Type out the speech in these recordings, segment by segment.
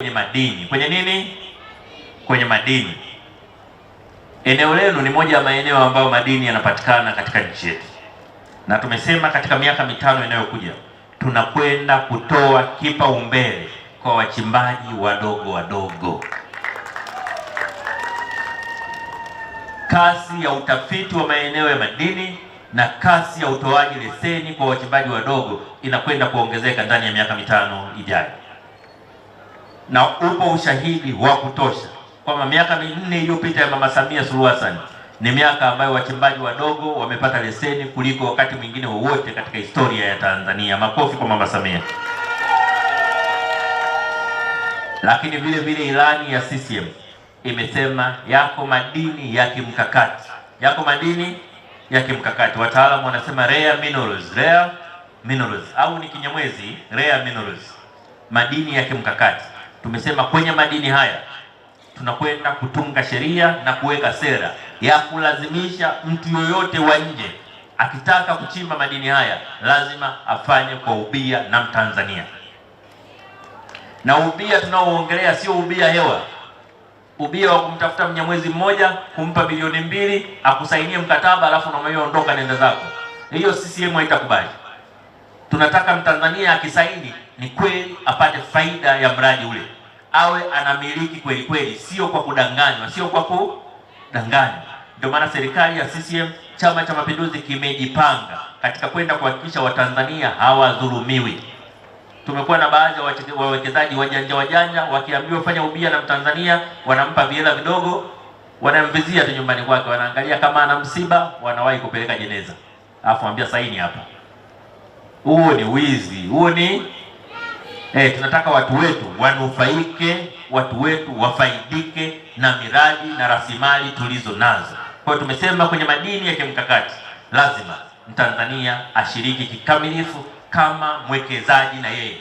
Kwenye madini, kwenye nini? Kwenye madini. Eneo lenu ni moja ya maeneo ambayo madini yanapatikana katika nchi yetu, na tumesema katika miaka mitano inayokuja tunakwenda kutoa kipaumbele kwa wachimbaji wadogo wadogo. Kasi ya utafiti wa maeneo ya madini na kasi ya utoaji leseni kwa wachimbaji wadogo inakwenda kuongezeka ndani ya miaka mitano ijayo na upo ushahidi wa kutosha kwamba miaka minne iliyopita ya Mama Samia Suluhu Hassan ni miaka ambayo wachimbaji wadogo wamepata leseni kuliko wakati mwingine wowote katika historia ya Tanzania. Makofi kwa Mama Samia. Lakini vile vile ilani ya CCM imesema yako madini ya kimkakati, yako madini ya kimkakati, wataalamu wanasema rare minerals, rare minerals au ni Kinyamwezi rare minerals, madini ya kimkakati tumesema kwenye madini haya tunakwenda kutunga sheria na kuweka sera ya kulazimisha mtu yoyote wa nje akitaka kuchimba madini haya lazima afanye kwa ubia na Mtanzania. Na ubia tunaoongelea sio ubia hewa, ubia wa kumtafuta mnyamwezi mmoja kumpa bilioni mbili akusainie mkataba alafu unamwambia ondoka, nenda zako. Hiyo CCM haitakubali. Tunataka Mtanzania akisaini ni kweli apate faida ya mradi ule awe anamiliki kweli kweli, sio kwa kudanganywa, sio kwa kudanganywa. Ndio maana serikali ya CCM, Chama cha Mapinduzi kimejipanga katika kwenda kuhakikisha Watanzania hawadhulumiwi. Tumekuwa na baadhi ya wawekezaji wajanja wajanja, wakiambiwa fanya ubia na Mtanzania wanampa vihela vidogo, wanamvizia tu nyumbani kwake, wanaangalia kama ana msiba, wanawahi kupeleka jeneza, afu ambia saini hapa. Huo ni wizi, huo ni E, tunataka watu wetu wanufaike, watu wetu wafaidike na miradi na rasilimali tulizo nazo. Kwa hiyo tumesema kwenye madini ya kimkakati lazima Mtanzania ashiriki kikamilifu kama mwekezaji na yeye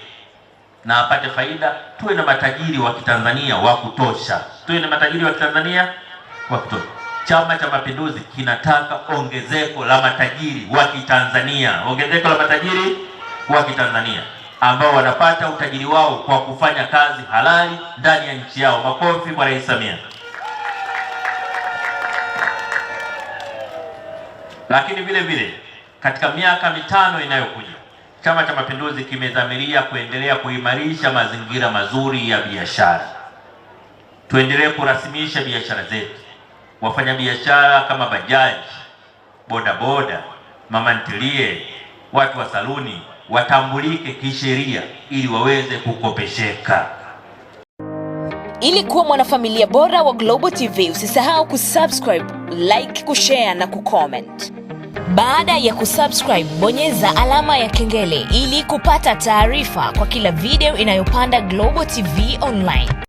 na apate faida. Tuwe na matajiri wa Kitanzania wa kutosha, tuwe na matajiri wa Kitanzania wa kutosha. Chama cha Mapinduzi kinataka ongezeko la matajiri wa Kitanzania, ongezeko la matajiri wa Kitanzania ambao wanapata utajiri wao kwa kufanya kazi halali ndani ya nchi yao. Makofi kwa Rais Samia. Lakini vile vile katika miaka mitano inayokuja, Chama cha Mapinduzi kimedhamiria kuendelea kuimarisha mazingira mazuri ya biashara. Tuendelee kurasimisha biashara zetu. Wafanyabiashara kama bajaji, bodaboda, mamantilie, watu wa saluni watambulike kisheria ili waweze kukopesheka. Ili kuwa mwanafamilia bora wa Global TV, usisahau kusubscribe, like, kushare na kucomment. Baada ya kusubscribe, bonyeza alama ya kengele ili kupata taarifa kwa kila video inayopanda Global TV Online.